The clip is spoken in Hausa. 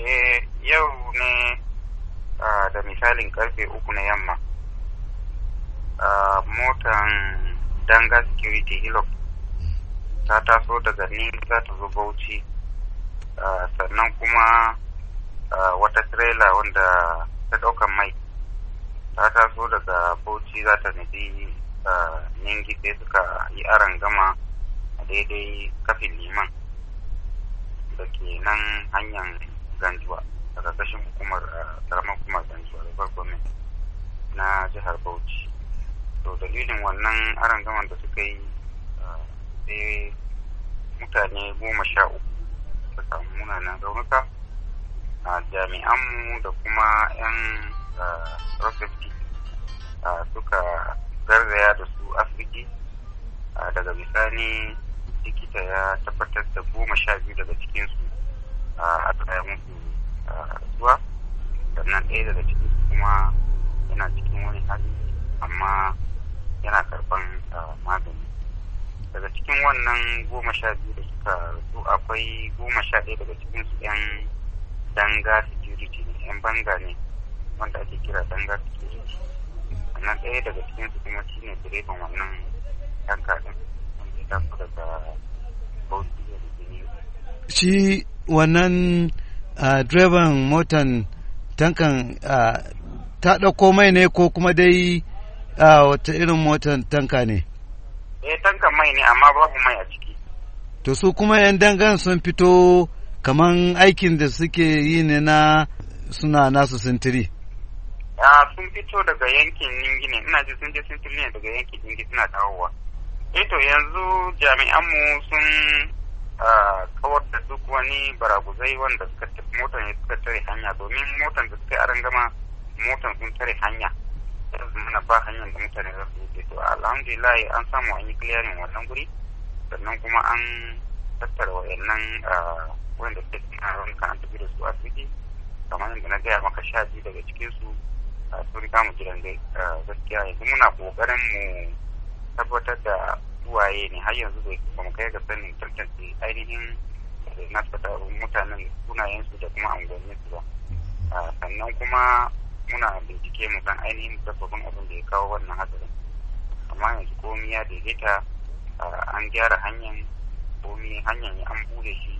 Eh yau ne da misalin karfe uku na yamma. Motan Danga Security Hillock ta taso daga ni za ta zo Bauchi. Sannan kuma wata trailer wanda ta ɗaukan mai ta taso daga Bauchi za ta nufi Ningi sai suka yi aron gama daidai kafin liman da ke nan hanyar jihar bauchi to dalilin wannan zaman da suka yi ah, sai mutane goma sha uku suka samu munanan raunuka a ah, jami'anmu da kuma 'yan ah, rosati suka garzaya da su asibiti daga bisani likita ya tabbatar da goma sha biyu daga cikinsu a tsaye musu zuwa sannan ɗaya daga cikinsu kuma yana cikin wani hali amma yana karban eh, magani daga cikin wannan goma sha biyu da suka rasu akwai goma sha ɗaya daga cikin su yan danga security ne yan banga ne wanda ake kira danga security sannan ɗaya daga cikin su kuma shi ne direban wannan tanka ɗin wanda ya tafi daga bauchi da rigini shi wannan eh, direban motan tankan eh, ta ɗauko mai ne ko kuma dai a wata irin motar tanka ne eh tanka mai ne amma babu mai a ciki to su kuma 'yan dangan sun fito kaman aikin da suke yi ne na suna nasu sintiri a sun fito daga yankin ningi ne ina ji sun je sintiri ne daga yankin ningi suna dawowa eh to yanzu jami'anmu sun kawar da duk wani baraguzai wanda suka tafi motar ne suka tare hanya domin motar da suka yi arangama motan sun tare hanya mana ba hanyar da mutane za su wuce to alhamdulillah an samu an yi clearing wannan guri sannan kuma an tattara wayannan ah, wanda suke cikin ranka kan tafi da su asibiti kamar yadda na gaya maka sha biyu daga cikin su ah, sun riga mu gidan ah, gaskiya yanzu muna kokarin mu tabbatar da uwaye ne har yanzu bai ba mu kai ga sanin tantance ainihin eh, na fata mutanen sunayensu da kuma anguwanninsu ba sannan kuma muna bincike mu kan ainihin musabbabin abin da ya kawo wannan hatsarin amma yanzu komi ya daidaita an gyara hanyar komi hanyar an bude shi